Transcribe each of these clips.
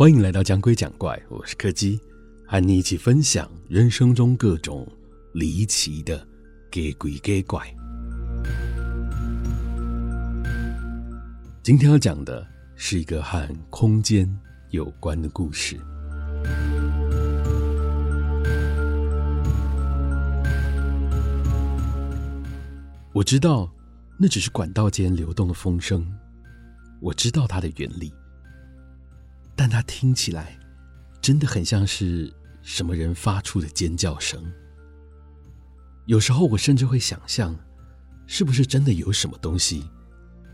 歡迎來到講鬼講怪，我是柯基，和你一起分享人生中各種離奇的假鬼假怪。今天要講的是一個和空間有關的故事。我知道，那只是管道間流動的風聲，我知道它的原理。但它聽起來，真的很像是什麼人發出的尖叫聲。有時候我甚至會想象，是不是真的有什麼東西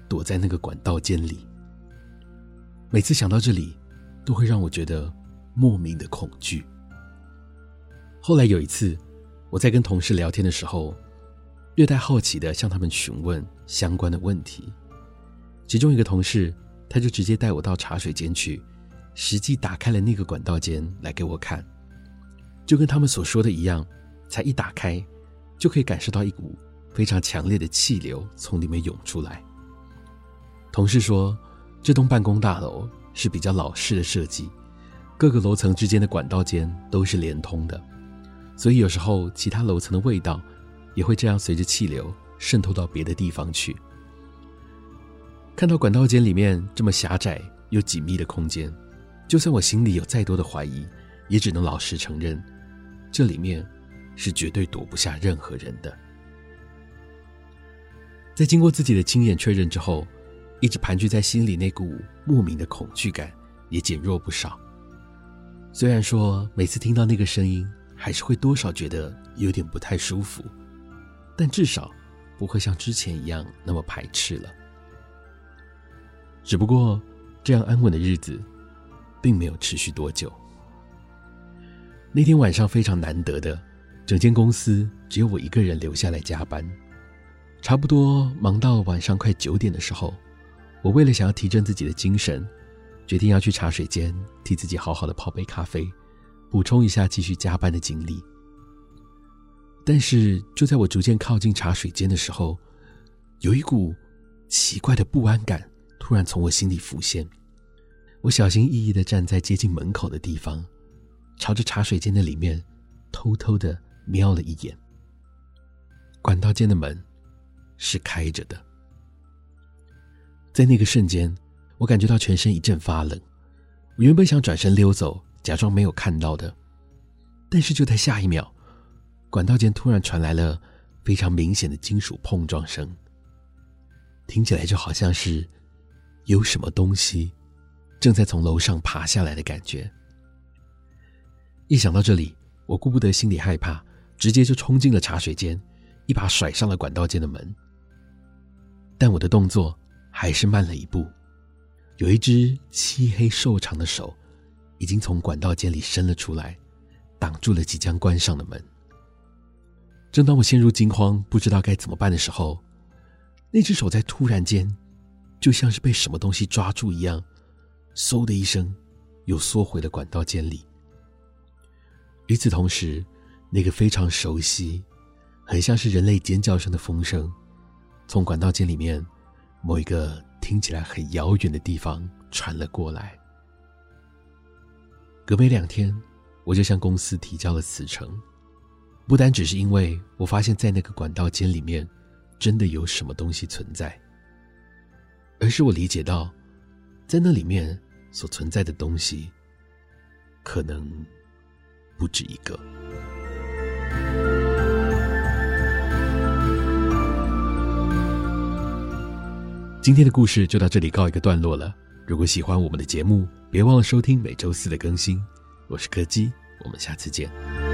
躲在那個管道間裡。每次想到這裡，都會讓我覺得莫名的恐懼。後來有一次，我在跟同事聊天的時候，略帶好奇地向他們詢問相關的問題，其中一個同事他就直接帶我到茶水間去。實際打開了那個管道間來給我看，就跟他們所說的一樣，才一打開，就可以感受到一股非常強烈的氣流從裡面湧出來。同事說，這棟辦公大樓是比較老式的設計，各個樓層之間的管道間都是連通的，所以有時候其他樓層的味道也會這樣隨着氣流滲透到別的地方去。看到管道間裡面這麼狹窄又緊密的空間。就算我心裡有再多的懷疑，也只能老實承認，這裡面是絕對躲不下任何人的。在經過自己的親眼確認之後，一直盤踞在心裡那股莫名的恐懼感也減弱不少。雖然說每次聽到那個聲音，還是會多少覺得有點不太舒服，但至少不會像之前一樣那麼排斥了。只不過這樣安穩的日子，並沒有持續多久。那天晚上非常難得的，整間公司只有我一個人留下來加班。差不多忙到晚上快九點的時候，我為了想要提振自己的精神，決定要去茶水間替自己好好的泡杯咖啡，補充一下繼續加班的精力。但是就在我逐漸靠近茶水間的時候，有一股奇怪的不安感突然從我心裡浮現。我小心翼翼的站在接近門口的地方，朝着茶水間的裡面偷偷的瞄了一眼。管道間的門是開着的，在那個瞬間，我感覺到全身一陣發冷。我原本想轉身溜走，假裝沒有看到的，但是就在下一秒，管道間突然傳來了非常明顯的金屬碰撞聲，聽起來就好像是有什麼東西。正在從樓上爬下來的感覺。一想到這裡，我顧不得心裡害怕，直接就衝進了茶水間，一把甩上了管道間的門。但我的動作還是慢了一步，有一只漆黑瘦長的手已經從管道間裡伸了出來，擋住了即將關上的門。正當我陷入驚慌，不知道該怎麼辦的時候，那只手在突然間，就像是被什麼東西抓住一樣。嗖的一聲，又縮回了管道間裡。與此同時，那個非常熟悉、很像是人類尖叫聲的風聲，從管道間裡面某一個聽起來很遙遠的地方傳了過來。隔沒兩天，我就向公司提交了辭呈，不單只是因為我發現，在那個管道間裡面，真的有什麼東西存在，而是我理解到，在那裡面。所存在的東西，可能不止一個。今天的故事就到這裡告一個段落了。如果喜歡我們的節目，別忘了收聽每週四的更新。我是柯基，我們下次見。